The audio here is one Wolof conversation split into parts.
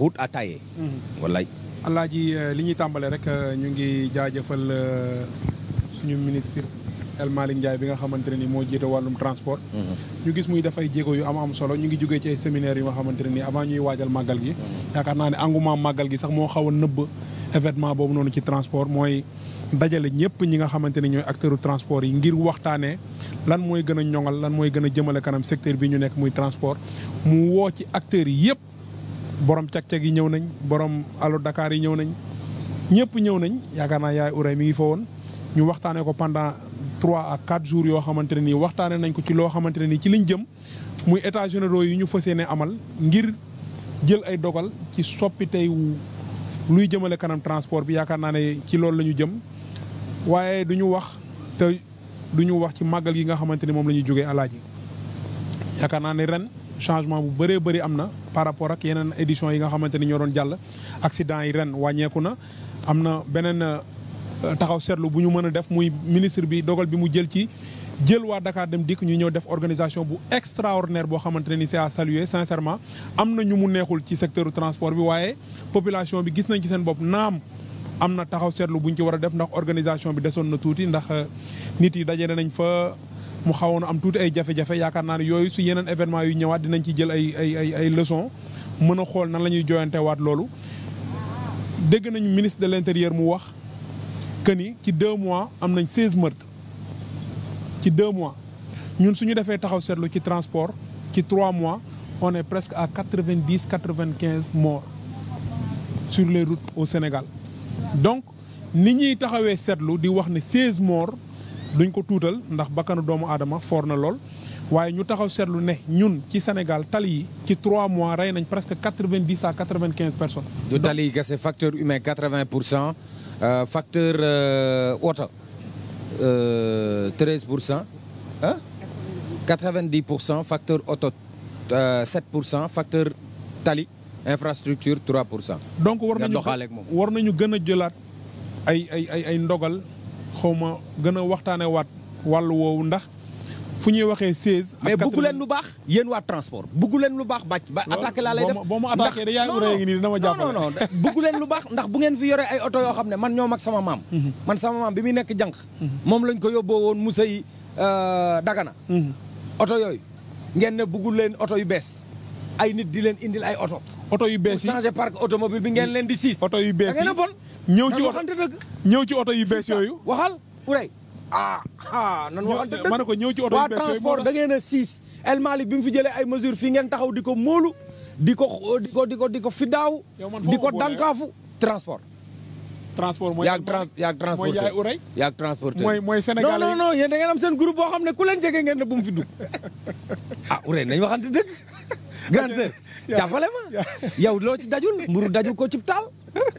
route à tailler. Mhm. wallaay. Alaaji euh, li ñuy tàmbalee rek euh, ñu ngi jaajëfal euh, suñu ministre El Malick Ndiaye bi nga xamante ne ni moo jiite wàllum transport. Mhm. ñu gis muy def ay jéego yu am am solo ñu ngi jógee ci ay séminaires yu nga xamante ne ni avant ñuy waajal màggal gi. Mhm. yaakaar naa ne engouement màggal gi sax moo xaw a nëbb événement boobu noonu ci transport mooy dajale ñëpp ñi nga xamante ne ñooy acteuru transport yi ngir waxtaanee. lan mooy gën a ñoŋal lan mooy gën a jëmale kanam secteur bi ñu nekk muy transport mu woo ci acteurs yi yëpp borom cag-cag yi ñëw nañ borom alu dakaar yi ñëw nañ ñëpp ñëw nañ yaakaar naa yaay Uray mi ngi fa woon ñu waxtaanee ko pendant trois ak quatre jours yoo xamante ne nii waxtaanee nañ ko ci loo xamante nii ci liñ jëm muy états généraux yi ñu fas yéene amal ngir jël ay dogal ci soppitey luy jëmale kanam transport bi yaakaar naa ne ci loolu la ñu jëm waaye du ñu wax te du ñu wax ci màggal yi nga xamante ni moom la ñuy jógee alaaji yaakaar naa ne ren changement bu bëree bëri am na par rapport ak yeneen édition yi nga xamante ni ñoo doon jàll accident yi ren wàññeeku na am na beneen euh, taxaw seetlu bu ñu mën a def muy ministre bi dogal bi mu jël ci jël waa Dakar dem dikk ñu ñëw def organisation bu extraordinaire boo xamante ne ni c'est à sincèrement am na ñu mu neexul ci secteur transport bi waaye population bi gis nañ ci seen bopp naam am na taxaw seetlu buñ ci war a def ndax organisation bi desoon na tuuti ndax euh, nit yi daje nañ fa mu xawoon am tuuti ay jafe-jafe yaakaar naa ni yooyu su yeneen événement yu ñëwaat dinañ ci jël ay ay ay ay mën a xool nan la ñuy waat loolu dégg nañu ministre de l'intérieur mu wax que ni ci deux mois am nañ seize meurtres ci deux mois ñun suñu defee taxaw seetlu ci transport ci trois mois on presque à quatre-vingt-dix quatre-vingt-quinze morts sur les routes au Sénégal donc ni ñuy taxawee seetlu di wax ne seize morts duñ ko tuutal ndax bakkanu doomu aadama foor na lool waaye ñu taxaw seetlu ne ñun ci Sénégal tali yi ci trois mois rey nañ presque 90 à 95 personnes. du tali yi kese facteur humain 80 euh, euh, euh, pour cent facteur oto 13 pour cent ah. 90 pour cent facteur oto 7 pour cent facteur tali infrastructure 3 pour cent. donc war nañu war nañu gën a jëlaat ay ay ay ay ndogal. xaw ma gën a waxtaanee waat wàllu woowu ndax fu ñuy waxee 16. ak mais bëggu leen lu baax yéen waat transport bëggu leen lu baax bàcc ba attaqué laa lay def boo ma attaqué da yaa ngi rëy ngi nii dina ma jàppale non leen lu baax ndax bu ngeen fi yore ay oto yoo xam ne man ñoo mag sama maam mhm. man sama maam bi muy nekk jànq mhm. moom lañ ko yóbboo woon Moussa yi euh, Dagana mhm. oto yooyu ngeen ne bëggu leen oto yu bees ay nit di leen indil ay oto oto yu bees yi changer parc automobile bi ngeen leen di siis. oto yu bees yi da ngeen a bon. ñëw ci waxante dëgg ñëw ci oto yu bees yooyu. waxal Ourey. ah ah nan waxante dëgg ma ne ko ñëw ci oto yu bees yooyu waa transport da ngeen a siis. El Malick bi mu fi jëlee ay mesures fii ngeen taxaw di ko móolu di ko di ko di ko di ko fidaaw. di ko dankaafu transport. transport mooy yaag trans yaag transporteur mooy Ourey. yaag transporteur mooy mooy Sénégal non non non yéen da ngeen am seen groupe boo xam ne ku leen jege ngeen ne bu mu fi dugg ah Ourey nañu waxante dëgg grande sœur jàppale ma yow loo ci dajul mburu dajul ko cib taal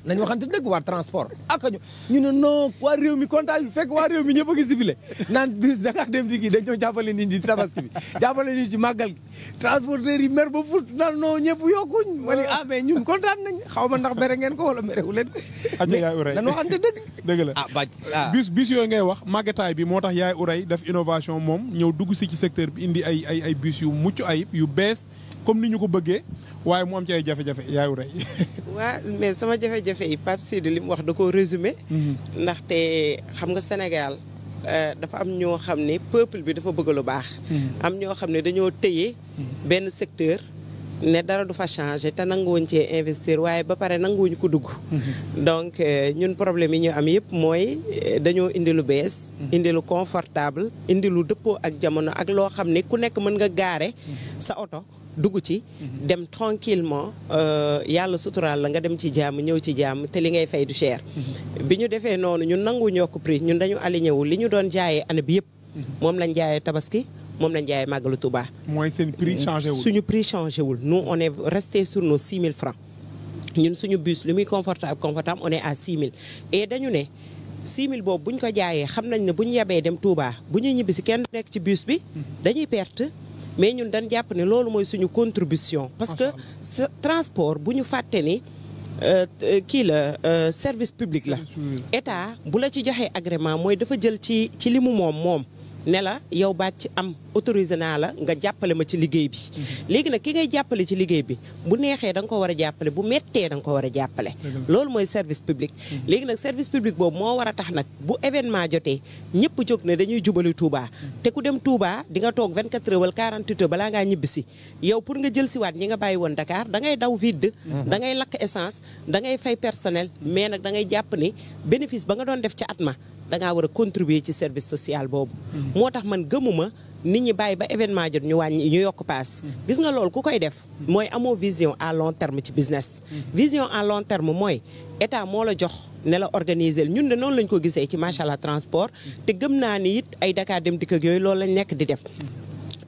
nañ waxante dëgg waa transport ak ñu ñu ne noo waa réew mi comptage bi fekk waa réew mi ñëpp a ngi sibile naan bis Dakar dem di dañ ñoo jàppale nit ñi ci tabaski bi jàppale ñu ci màggal gi transporteur yi mer ba fut naan non ñëpp yokkuñ ma ne ah mais ñun kontaan nañ xaw ma ndax mere ngeen ko wala merewu leen ko nañ waxante dëgg dëgg la ah bàcc ah. bis bis yooyu ngay wax màggataay bi moo ta yaay uray def innovation moom ñëw dugg si ci secteur bi indi ay ay ay bus yu mucc ayib yu bees comme ni ñu ko bëggee waaye mu am ci ay jafe-jafe yaayu rey. waa mais sama jafe-jafe yi Pape Sidi li wax da koo résumé. Mhm. ndaxte xam nga Sénégal euh, dafa am ñoo xam ni peuple bi dafa bëgg lu baax. Mhm. am ñoo xam ne dañoo téye. Mhm. benn secteur. ne dara du fa changé te nanguwuñ cee investir waaye ba pare nanguwuñ ko dugg. donc euh, ñun problème yi ñu am yëpp mooy euh, dañoo indi lu bees. indi lu confortable indi lu dëppoo ak jamono ak loo xam ni ku nekk mën nga gaare sa oto. dugg ci dem tranquillement euh, yàlla suturaal la nga dem ci jàmm ñëw ci jàmm te li ngay fay du cher bi ñu defee noonu ñun nangu ñoo ko prix ñun dañu aligné wu li ñu doon jaayee année bi yëpp moom lañ jaayee tabaski moom lañ jaaye màggalu Touba mooy seen changé suñu prix changé wul nous on est resté sur nos 6000 francs ñun suñu bus lu muy confortable confortable on est à 6000 et dañu ne 6000 boobu bu ko jaayee xam nañ ne bu ñu yebee dem Touba bu ñuy ñibbisi kenn nekk ci bus bi dañuy perte mais ñun dañ jàpp ne loolu mooy suñu contribution parce que transport bu ñu fàtte ni euh, kii euh, la service public la état bu la ci joxee agrément mooy dafa jël ci ci li moom moom ne la yow bàcc am autorisé naa la nga jàppale ma ci liggéey bi. léegi nag ki ngay jàppale ci liggéey bi bu neexee da nga ko war a jàppale bu mettee da nga ko war a jàppale. loolu mooy service public. léegi nag service public boobu moo war a tax nag bu événement jotee ñëpp jog ne dañuy jubali Touba. te ku dem Touba di nga toog 24 heures wala 48 heures balaa ngaa ñibbisi yow pour nga jël siwaat ñi nga bàyyi woon Dakar dangay daw vide. dangay lak lakk essence fay personnel mais nag da ngay jàpp ne bénéfice ba nga doon def ca at ma. da war a contribuer ci service social boobu. moo tax man gëmuma nit ñi bàyyi ba événement jot ñu wàññi ñu yokk paas. gis nga loolu ku koy def. mooy amoo vision à lon terme ci business. vision à lon terme mooy état moo la jox ne la organiser ñun ne noonu lañ ko gisee ci macha allah transport. te gëm naa ni it ay Dakar dem dikk ak yooyu loolu lañ nekk di def.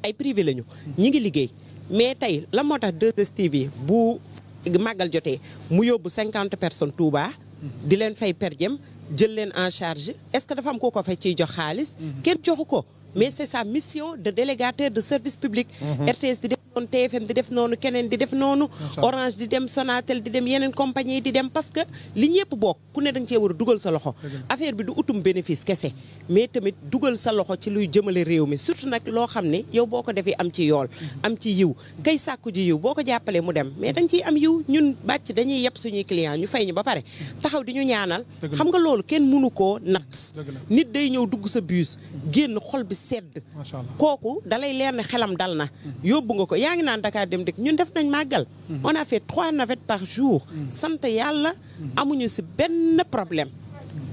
ay privé lañu. ñi ngi liggéey mais tey la moo tax 2STV bu màggal jotee mu yóbbu 50 personnes Touba. di leen fay per diem jël leen en charge est-ce que dafa am koo ko fa ciy jox xaalis. Mhm. kenn joxu ko mais c'est ça mission de délégateur de service public. Mhm. RTS di def noonu TFM di def noonu keneen di def noonu. Orange di dem Sonatel di dem yeneen compagnie di dem parce que li ñëpp bokk. ku ne dañ cee war a dugal sa loxo affaire bi du utum bénéfice kese mais tamit dugal sa loxo ci luy jëmale réew mi surtout nag loo xam ne yow boo ko defee am ci yool mm-hmm. am ci yiw kay sàkku ji yiw boo ko jàppalee mu dem mais dañ nga ciy am yiw ñun bàcc dañuy yeb suñuy client ñu fay ñu ba pare mm-hmm. taxaw di ñu ñaanal xam nga loolu kenn mënu koo natt nit day ñëw dugg sa bus génn xol bi sedd kooku dalay leer ne xelam dal na mm-hmm. yóbbu nga ko yaa ngi naan Dakar dem dëkk ñun def nañ màggal Mm-hmm. on a fait trois navettes par jour. Mm-hmm. sant yàlla mm-hmm. amuñu si benn problème.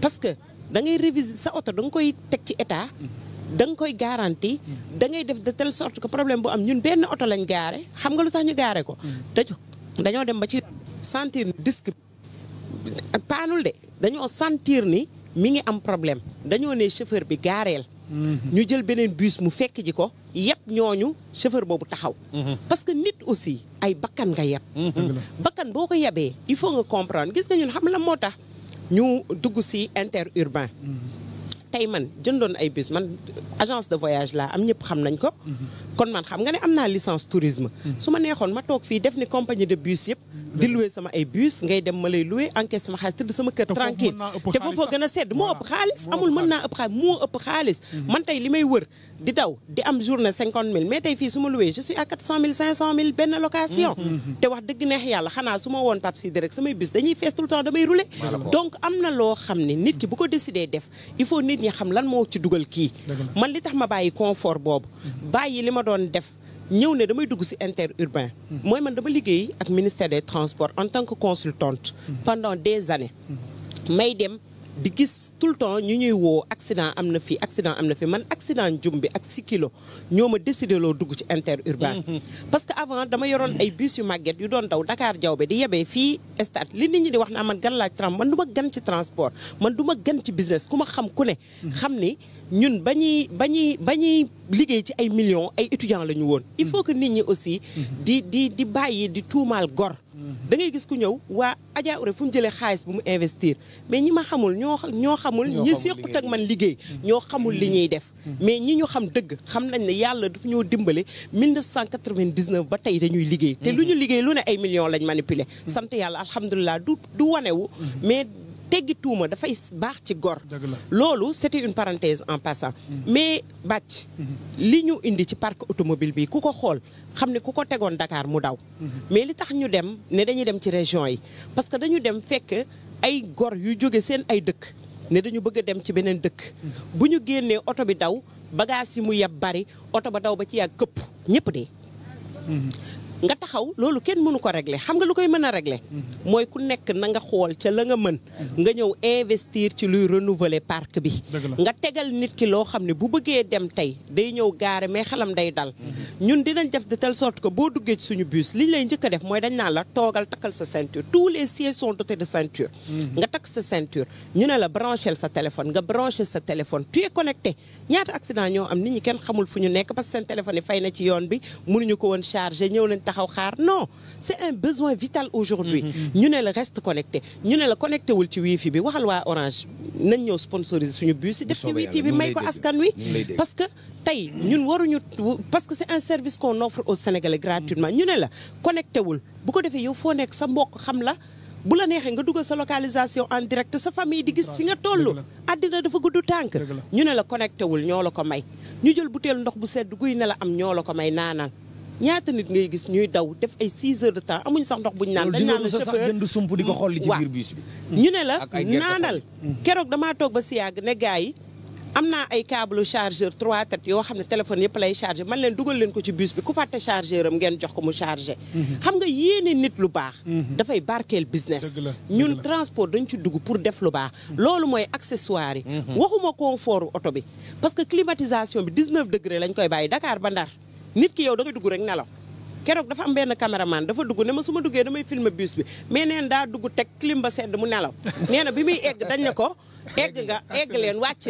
parce que da ngay réviser sa oto da nga koy teg ci état. da nga koy garanti. da def de telle sorte que problème bu am ñun benn oto lañ gaare xam nga lu tax ñu gaare ko. dañoo dañoo dem ba ci sentir ni disque paanul de dañoo sentir ni mi ngi am problème dañoo ne chauffeur bi gaareel. Mm-hmm. ñu jël beneen bus mu fekk ji ko yëpp ñooñu chauffeur boobu taxaw mm-hmm. parce que nit aussi ay bakkan nga yeb mm-hmm. bakkan boo ko yebee il faut nga comprendre gis nga ñun xam la moo tax ñu dugg si interurbain tey man jëndoon ay bus man agence de voyage laa am ñëpp xam nañ ko kon man xam nga ne am naa licence tourisme su ma neexoon ma toog fii def ni compagnie de bus yëpp di mm-hmm. loué sama ay bus ngay dem ma lay loué encaisse sama xaalis tëdd sama kër tranquille te foofoo gën a sedd moo ëpp xaalis amul mën naa ëpp xaalis moo ëpp xaalis mm-hmm. man tey li may wër di daw di am journée cinquante mille mais tey fii su ma loué je suis à quatre cent mille cinq cent mille benn location mm-hmm. te wax dëgg neex yàlla xanaa su ma woon pap si rek samay bus dañuy fees tout le temps damay na loo xam ne nit ki bu ko décidé def il faut nit ñi xam lan moo ci dugal kii man li tax ma bàyyi confort boobu doon def ñëw ne damay dugg ci interurbain mooy man dama liggéey ak ministère des transports en tant que consultante pendant des années may dem di gis tout le temps ñu ñuy woo accident am na fii accident am na fi man accident jum bi ak si kilo ñoo ma décidé loo dugg ci interurbain mm-hmm. parce que avant dama yoroon ay bus yu màgget yu doon daw Dakar jawbe di yebee fii stade li nit ñi di wax naa man gan laaj tram man du ma gan ci transport man duma ma gan ci business ku ma xam ku ne mm-hmm. xam ni ñun ba ñuy ba ñuy ba ñuy liggéey ci ay millions ay étudiants la ñu woon il faut que nit ñi aussi mm-hmm. di di di bàyyi di tuumaal gor da gis ku ñëw waa Adja Ouré fu mu jëlee xaalis bu mu investir mais ñi ma xamul ñoo ñoo xamul ñi séqut man liggéey mm-hmm. ñoo xamul li ñuy def mm-hmm. mais ñi ñu xam dëgg xam nañ ne yàlla dafa ñoo dimbale 1999 ba tey dañuy liggéey te lu mm-hmm. ñu liggéey lu ne ay million lañ manipuler sant yàlla alhamdulilah du du wanewu mais teggi tuuma dafay baax ci gor loolu c'était une parenthèse en passant mais bàcc li ñu indi ci parc automobile bi ku ko xool xam ne ku ko tegoon Dakar mu daw mais li tax ñu dem ne dañuy dem ci région yi parce que dañu dem fekk ay gor yu jóge seen ay dëkk ne dañu bëgg a dem ci beneen dëkk bu ñu génnee oto bi daw bagage yi mu yeb bari oto ba daw ba ci yàgg këpp ñëpp dee nga taxaw loolu kenn mënu ko régler xam nga lu koy mën a régler mooy ku nekk na nga xool ca la nga mën nga ñëw investir ci luy renouveler parc bi nga tegal nit ki loo xam ne bu bëggee dem tey day ñëw gaare mais xalam day dal ñun dinañ def de telle sorte que boo duggee suñu bus li ñu lay njëkk def mooy dañ naan la toogal takkal sa ceinture tous les sièges sont dotés de ceinture mm-hmm. nga takk sa centure ñu ne la brancher sa téléphone nga branché sa téléphone tu es connecté ñaata accident am nit ñi kenn xamul fu ñu nekk parce que seen fay na ci yoon bi mënuñu ko woon chargé ñëw nañ taxaw xaar non c'est un besoin vital aujourd'hui mm-hmm. ñu ne la reste connecté ñu ne la connecté wul ci wifi bi waxal waa orange nañ ñëw sponsoriser suñu bus si def ci wifi bi may ko askan wi parce que tey ñun waruñu parce que c'est un service qu'on offre aux Sénégalais gratuitement ñu ne la connecté wul bu ko defee yow foo nekk sa mbokk xam la bu la neexee nga dugal sa localisation en direct sa famille di gis fi nga toll. addina dafa gudd tànk. ñu ne la connecté wul ñoo la ko may. ñu jël butéel ndox bu sedd guy ne la am ñoo la ko may naanal. ñaata nit ngay gis ñuy daw def ay 6 heures de temps amuñ sax ndox buñ naan dañ naan la chauffeur jënd sump di ko xool li ci biir bus bi ñu ne la naanal keroog damaa toog ba si yàgg ne yi am naa ay câble chargeur trois têtes yoo xam ne téléphone yëpp lay chargé man leen dugal leen ko ci bus bi ku fàtte chargeur am ngeen jox ko mu chargé mhm. xam nga yéene nit lu baax mhm. dafay barkeel business ñun transport dañ ci dugg pour def lu baax mhm. loolu mooy accessoire yi waxuma confort oto bi parce que climatisation bi 19 degré lañ koy bàyyi Dakar ba nit ki yow da nga dugg rek nelaw keroog dafa am benn caméraman dafa dugg ne ma suma duggee damay filmer bus bi mais neen daa dugg teg clim ba sedd mu nelaw nee na bi muy egg dañ ne ko egg nga egg leen wàcc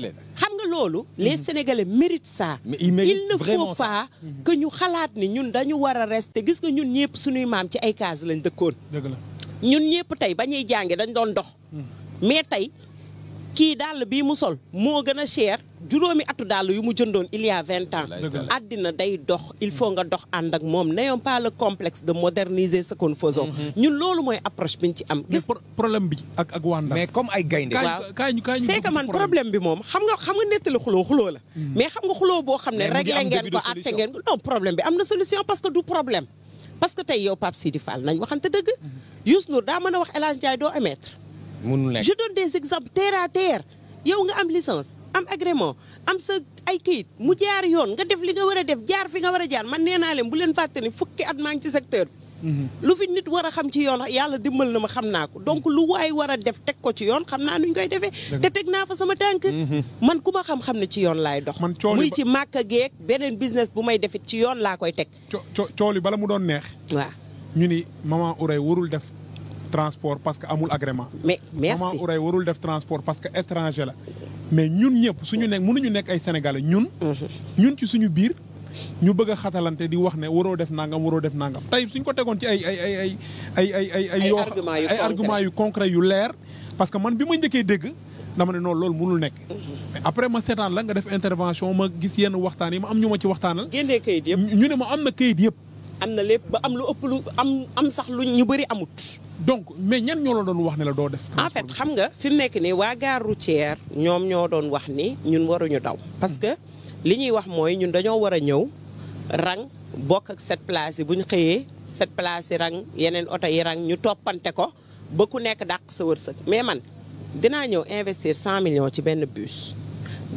leen xam nga loolu les mhm. sénégalais méritent saa il ne faut pas que ñu xalaat ni ñun dañu war a te gis nga ñun ñëpp suñuy maam ci ay case lañ dëkkoon dëgg la ñun ñëpp tey ba ñuy jàngee dañ doon dox mhm. mais tey kii dàll bii mu sol moo gën a chair juróomi atu dàll yu mu jëndoon il y a vingt ans àddina day dox il faut nga dox ànd ak moom n'ayons pas le complexe de moderniser ce que nous faisons mm-hmm. ñun loolu mooy approche bi ñu ci am gis problème bi ak ak wànda mais comme ay gaynde waaw kaay ñu kaay xam nga xam nga nettali xuloo xuloo la mm-hmm. mais xam nga xuloo boo xam ne réglé ngeen ko àtte ngeen ko problème bi am na solution parce que du problème parce que tey yow Pape Sidi Fall nañ waxante dëgg mm-hmm. Youssou Ndour daa mën a wax El doo émettre munul nekk je donne des exemples terre à terre yow nga am licence am agrément am sa ay kayit mu jaar yoon nga def li nga war a def jaar fi nga war a jaar man nee naa leen bu leen fàtte ni fukki at maa ngi ci secteur bi. Mhm. lu fi nit war a xam ci yoon yàlla dimbal na ma xam naa ko donc lu waay war a def teg ko ci yoon xam naa nuñ koy defee. te teg naa fa sama tànk. Mhm. man ku ma xam-xam ne ci yoon laay dox. man muy ci màkk geek beneen business bu may defit ci yoon laa koy teg. co cooli bala mu doon neex. waaw ñu ni maman warul def. transport parce que amul agrément. mais merci warul def transport parce que étranger la. mais ñun ñëpp suñu nekk mënuñu nekk ay sénégalais ñun. Mhm. ñun ci suñu biir ñu bëgg a xatalante di wax ne waroo def nangam waroo def nangam. tey suñ ko tegoon ci ay ay ay ay ay ay yu ay yu leer. parce que man bi ma njëkkee dégg dama ne noonu loolu mënul nekk. Mhm. mais ma seetaan la nga def intervention ma gis yenn waxtaan yi ma am ñu ma ci waxtaanal. génnee kayit ñu ne ma am na kayit yëpp. am na lépp ba am lu ëpp lu am am sax lu ñu bëri amut. donc mais ñan ñoo la doon wax ne la doo def. en fait xam nga fi mu nekk nii waa gare routière ñoom ñoo doon wax ni ñun waruñu daw. parce que li ñuy wax mooy ñun dañoo war a ñëw rang bokk ak cette place yi bu ñu xëyee cette place yi rang yeneen oto yi rang ñu toppante ko ba ku nekk dàq sa wërsëg mais man dinaa ñëw investir cent millions ci benn bus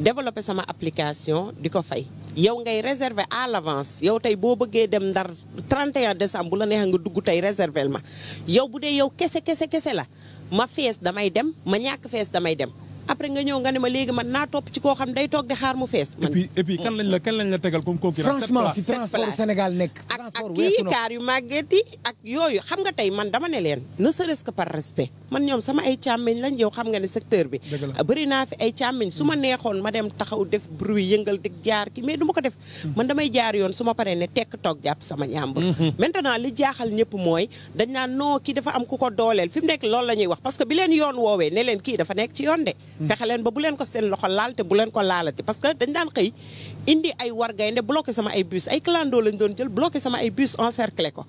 développer sama application di ko fay. yow ngay réserver à l'avance yow tey boo bëggee dem ndar 31 décembre bu la neexee nga dugg tey réserver ma yow bu dee yow kese kese kese la ma fees damay dem ma ñàkk fees damay dem après nga ñëw nga ne ma léegi man naa topp ci koo xam day toog di xaar mu fees. man kan lañ la kan lañ la tegal comme concurrent. franchement ci transport Sénégal nekk. transport ak kii kaar yu màgget yi ak yooyu xam nga tey man dama ne leen. ne serait par respect man ñoom sama ay càmmiñ lañ yow xam nga ne secteur bi. bëri naa fi ay càmmiñ su ma hmm. neexoon ma dem taxaw def bruit yëngal di jaar ki mais du ko def. Hmm. man damay jaar yoon su ma paree ne tekk toog jàpp sama ñàmbur. Hmm, maintenant li jaaxal ñëpp mooy dañ naan non kii dafa am ku ko dooleel fi mu nekk lool la ñuy wax parce que bi leen yoon woowee ne leen kii dafa nekk ci yoon de fexe leen ba bu leen ko seen loxo laal te bu leen ko laalati parce que dañ daan xëy indi ay war gaynde bloqué sama ay bus ay clando lañ doon jël bloqué sama ay en encerclé ko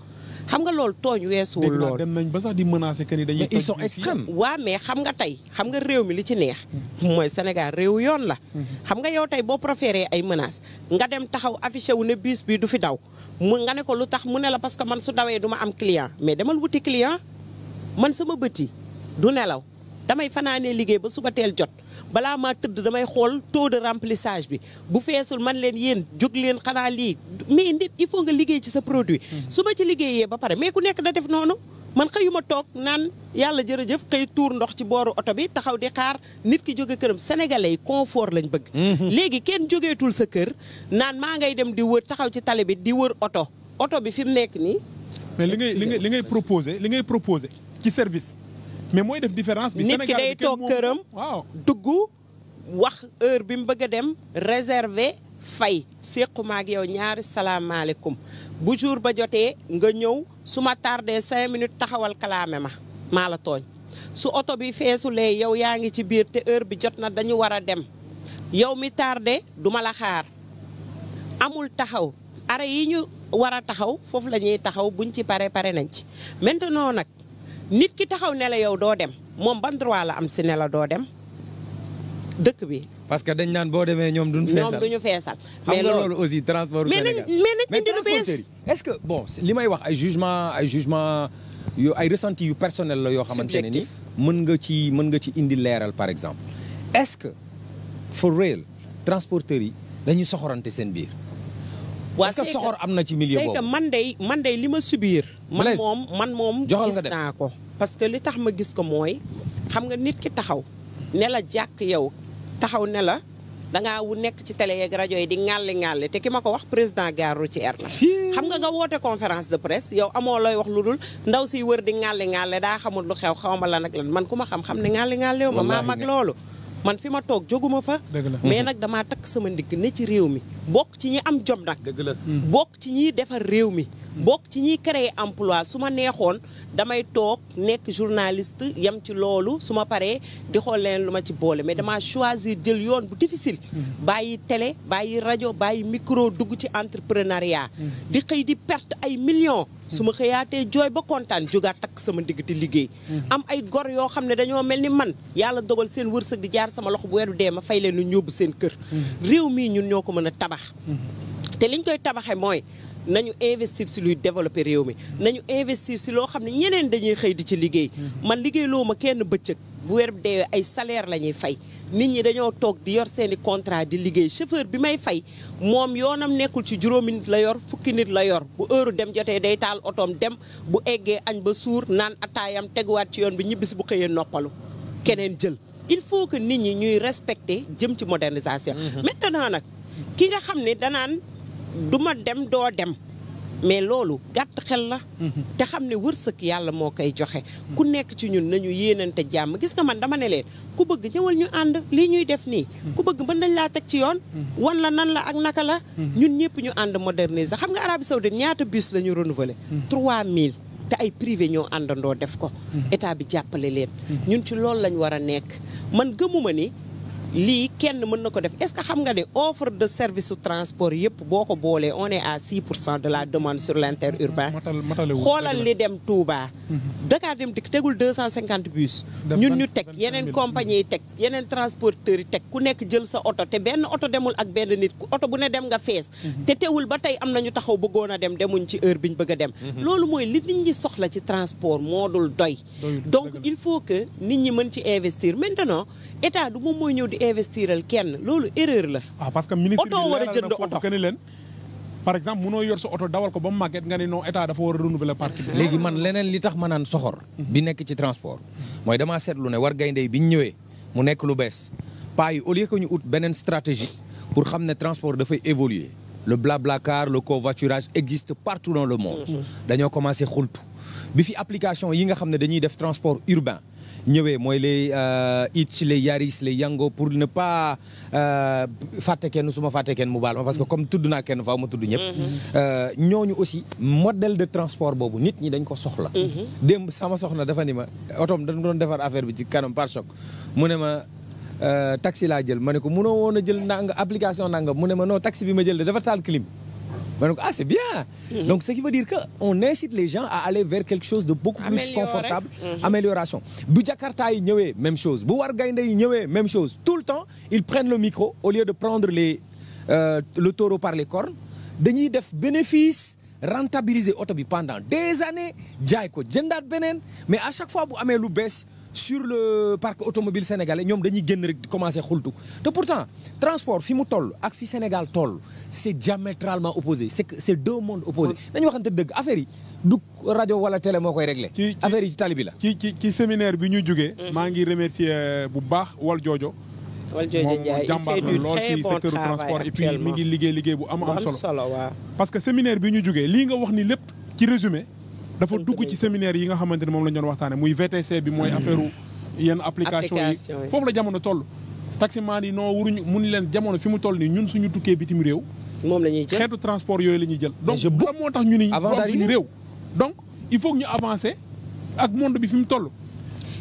xam nga loolu tooñ weesuwul loolu dem nañ ba sax di menacer que ni dañuy. ils sont extrêmes mais xam nga tey xam nga réew mi li ci neex. mooy Sénégal réew yoon la. xam nga yow tey boo proféré ay menaces nga dem taxaw affiché wu ne bus bi du fi daw mu nga ne ko lu tax mu ne la parce que man su dawee du ma am client mais demal wuti client man sama bët yi du nelaw. damay fanaanee liggéey ba suba teel jot balaa maa tëdd damay xool taux de remplissage bi bu feesul man leen yéen jóg leen xanaa lii mais nit il faut nga liggéey ci sa produit. Mhm. su ma ci liggéeyee ba pare mais ku nekk da def noonu. man xëyuma toog naan yàlla jërëjëf xëy tuur ndox ci booru oto bi taxaw di xaar nit ki jóge këram sénégalais yi confort lañ bëgg. Mhm. léegi kenn jógeetul sa kër naan maa ngay dem di wër taxaw ci tali bi di wër oto oto bi fi mu nekk nii. mais li ngay li ngay li ngay proposé li ngay proposé ci service. mais mooy def différence bi nit ki day toog këram. waaw dugg wax heure bi mu bëgg a dem réserver fay séquma maak yow ñaari salaamaaleykum bu jour ba jotee nga ñëw su ma tardé cinq minutes taxawal kalaame ma maa la tooñ su oto bi feesulee yow yaa ngi ci biir te heure bi jot na dañu war a dem yow mi tardé duma la xaar amul taxaw arrêt yi ñu war a taxaw foofu lañuy taxaw buñ ci pare pare nañ ci maintenant nag. nit ki taxaw ne la yow doo dem moom ban droit la am si ne la doo dem dëkk bi. parce que dañ naan boo demee ñoom duñu feesal ñoom duñu feesal. mais aussi transport mais nañ mais ce que bon li may wax ay jugement ay jugement yu ay ressenti yu personnel la yoo. xamante ne ni mën nga ci mën nga ci indi leeral par exemple. est-ce que for real transporteurs yi dañu soxorante seen biir. parce que soxor am na ci milieu boobu man day man day li ma subir. man moom man moom gis naa ko parce que li tax ma gis ko mooy xam nga nit ki taxaw ne la jàkk yow taxaw ne la dangaa wu nekk ci télé yeeg yi di ŋàlli ŋàlli te ki ma ko wax président Garou ci air na xam nga nga woote conférence de presse yow amoo looy wax lu dul ndaw siy wër di ŋàlli ŋàlli daa xamul lu xew xaw ma la nag lan man ku ma xam-xam ne ŋàlli ŋàlli yow ma maa mag loolu man fi ma toog jóguma fa mais nag damaa takk sama ndigg ne ci réew mi bokk ci ñi am jom nag bokk ci ñiy defar réew mi bokk ci ñuy créer emploi su ma neexoon damay toog nekk journaliste yam ci loolu su ma paree di xool leen lu ma ci boole mais dama choisir jël yoon bu difficile bàyyi tele bàyyi rajo bàyyi micro dugg ci entrepreneuriat di xëy di perte ay millions su ma xëyaatee jooy ba kontaan jógaat takk sama ndigg di liggéey am ay gor yoo xam ne dañoo mel ni man yàlla dogal seen wërsëg di jaar sama loxo bu weru dee ma fay leen ñu yóbbu seen kër réew mii ñun ñoo ko mën a tabax te liñ koy tabaxe mooy nañu investir si luy développer réew mi nañu investir si loo xam ne ñeneen dañuy xëy di ci liggéey man liggéey loo ma kenn bëccëg bu weer deewee ay salaire la ñuy fay nit ñi dañoo toog di yor seeni contrat di liggéey chauffeur bi may fay moom yoonam nekkul ci juróomi nit la yor fukki nit la yor bu heure dem jotee day taal otoom dem bu eggee añ ba suur naan ataayam teguwaat ci yoon bi ñibbisi bu xëyee noppalu keneen jël il faut que nit ñi ñuy respecter jëm ci modernisation mm-hmm. maintenant nag du ma dem doo dem mais loolu gàtt xel la mhm. te xam ne wërsëg yàlla moo koy joxe ku nekk ci ñun nañu yéenante jàmm gis nga man dama ne leen ku bëgg ñëwal ñu ànd lii ñuy def nii mhm. ku bëgg mën nañ laa teg ci yoon mhm. wan la nan la ak naka la ñun ñëpp ñu ànd moderniser xam nga Arabie Saoudite ñaata bus lañu ñu renouveler mille te ay privé ñoo àndandoo def ko état bi jàppale leen ñun ci loolu lañ war a nekk man gëmuma nii lii kenn mën na ko def est-ce que xam nga ne offre de service su transport yëpp boo ko boolee on est à 6 pour cent de la demande sur l'interurbain xoolal li dem Touba. Mhm. Dakar dem dikk tegul 250 bus. ñun ñu teg yeneen compagnie teg yeneen transporteurs yi teg ku nekk jël sa oto te benn oto demul ak benn nit ku oto bu ne dem nga fees. Mhm. te tewul ba tey am na ñu taxaw bëggoon a dem demuñ ci heure biñ bëgg a dem. Mhm. loolu mooy li nit ñi soxla ci transport moo dul doy. donc il faut que nit ñi mën ci investir maintenant état di investiral kenn loolu erreur la. Ah, parce que ministre bi war a jënd oto par exemple munoo yor sa oto dawal ko ba mu màgget nga ne noo état dafa war a renouveler parc bi. léegi man leneen li tax ma naan soxor. bi nekk ci transport. mooy damaa seetlu ne war gaynde bi ñu ñëwee mu nekk lu bees paa yi au que ñu ut beneen stratégie pour xam ne transport dafay évoluer le blablacar le covoiturage existe partout dans le monde. Mm-hmm. dañoo commencé xultu bi fi application yi nga xam ne dañuy def transport urbain. ñëwee mooy les Hitch euh, les Yaris lay Yango pour ne pas euh, fàtte kenn su ma fàtte kenn mu baal parce que comme tudd naa kenn faaw ma tudd ñëpp mm-hmm. euh, ñooñu aussi modèle de transport boobu nit ñi dañ ko soxla mm-hmm. démb sama soxna dafa ni ma otoom dañ doon defar affaire bi ci kanam pare mu ne ma taxi laa jël ma ne ko mënoo woon a jël nanga application nanga mu ne ma non taxi bi ma jël dafa taal clim ma ne ko ah c'est bien mhm. donc ce qui veut dire que on incite les gens à aller vers quelque chose de beaucoup plus confortable mhm. amélioration bu Jakarta yi ñëwee même chose bu War Gaynde yi ñëwee même chose tout le temps ils prennent le micro au lieu de prendre euh, le taureau par les cornes dañuy def bénéfice rentabiliser oto bi pendant des années jaay ko jëndaat benen mais à chaque fois bu amee lu bees sur le parc automobile sénégalais ñoom dañuy génn rek di commencer xultu te pourtant transport fi mu toll ak fi Sénégal toll c'est diamétralement opposé c'est que c'est deux mondes opposés dañu waxante dëgg affaire yi du rajo wala télé moo koy régler ci affaire yi ci tali bi la ci ci ci séminaire bi ñu jógee mm. maa ngi remercier euh, bu baax wal joojo wal joojo Ndiaye il du très bon travail ngi liggéey liggéey bu am am solo parce que séminaire bi ñu jógee lii nga wax ni lépp ci résumé dafa dugg ci séminaire yi nga xamante ne moom la ñu doon waxtaane muy VTC bi mooy mm. affaire yenn application yi foofu la jamono toll taximaan yi non waruñu mun leen jamono fi mu toll nii ñun suñu tukkee bitim réew moom la ñuy jël xeetu transport yooyu la ñuy jël donc ba moo tax ñu ni suñu réew donc il faut ñu avancé ak monde bi fi mu toll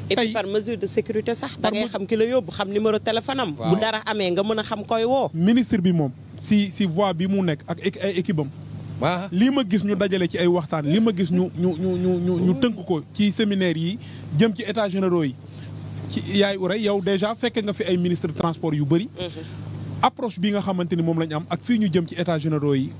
et puis par mesure de sécurité sax da ngay xam ki la yóbbu xam numéro téléphone am bu dara amee nga mën a xam koy woo ministre bi moom si si voie bi mu nekk ak ay waaw lii ma gis ñu dajale ci ay waxtaan li ma gis ñu ñu ñu ñu ñu ñu tënk ko ci séminaire yi jëm ci états généraux yi ci yaay Houreye yow déjà fekke nga fi ay ministre transport yu bëri mhm. approche bi nga xamante ni moom la ñu am ak fii ñu jëm ci états généraux yi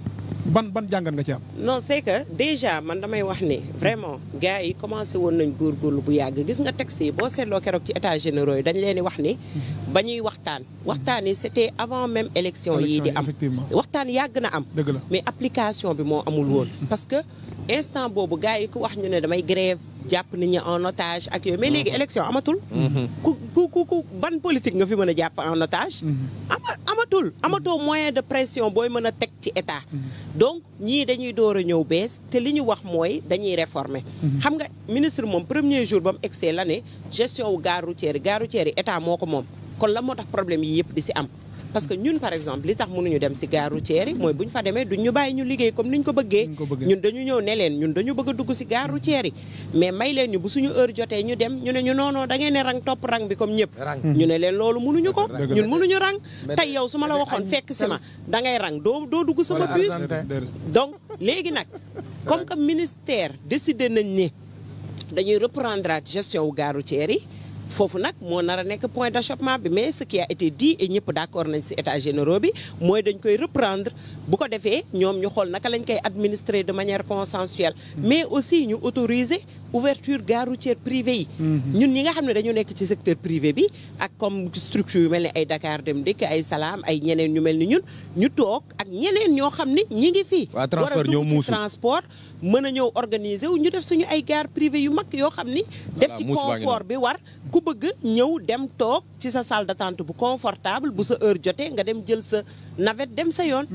ban ban jàngat nga ci am. non c'est que déjà man damay wax ni vraiment gars yi commencé woon nañ góorgóorlu bu yàgg gis nga taxi si boo seetloo keroog ci états généraux yi dañ leen di wax ni. Mhm. ba ñuy waxtaan waxtaan yi c'était avant même élection yi di am waxtaan yàgg na am. dëgg la mais application bi moo amul woon. Mhm. parce que instant boobu gars yi ku wax ñu ne damay grève jàpp nit ñi en otage ak yooyu mais léegi mhm. élection amatul. ku ku ku ban politique nga fi mën a jàpp en otage. ama amatul amatoo moyen de pression booy mën a teg. ci état. donc ñii dañuy door a ñëw bees te li ñu wax mooy dañuy réformer. xam nga ministre moom premier jour ba mu egsee la ne gestion wu gare routière gare routière yi état moo ko moom kon la moo tax problème yi yëpp di si am. parce que ñun par exemple li tax mënuñu dem si gare yi mooy bu ñu fa demee duñ ñu bàyyi ñu liggéey comme ni ñu ko bëggee ñun dañu ñëw ne leen ñun dañu bëgg dugg si gare routière yi mais may leen ñu bu suñu heure jotee ñu dem ñu ne ñu noonoo da ne rang topp rang bi comme ñëpp ñu ne leen loolu mënuñu ko ñun mënuñu rang tey yow su ma la waxoon fekk si ma da ngay rang doo doo dugg sama bus donc léegi nag comme que ministère décidé nañ ni dañuy reprendre gestion wu gare routière yi foofu nag moo nar a nekk point d'achoppement bi mais ce qui a été dit et ñëpp d'accord nañ ci état généraux bi mooy dañ koy reprendre bu ko defee ñoom ñu xool naka lañ koy administrer de manière consensuelle mm. mais aussi ñu autoriser ouverture gare routière privée yi mhm. ñun ñi nga xam ne dañu nekk ci secteur privé bi ak comme structure yu mel ni ay dakaar dem dëkk ay Salaam ay ñeneen ñu mel ni ñun ñu toog ak ñeneen ñoo xam ne ñi ngi fii war a dugg transport mën a ñëw organiser wu ñu def suñu ay gare privée yu mag yoo xam ni def ci confort bi war ku bëgg ñëw dem toog ci sa salle d'attente bu confortable bu sa heure jotee nga dem jël sa navette dem sa yoon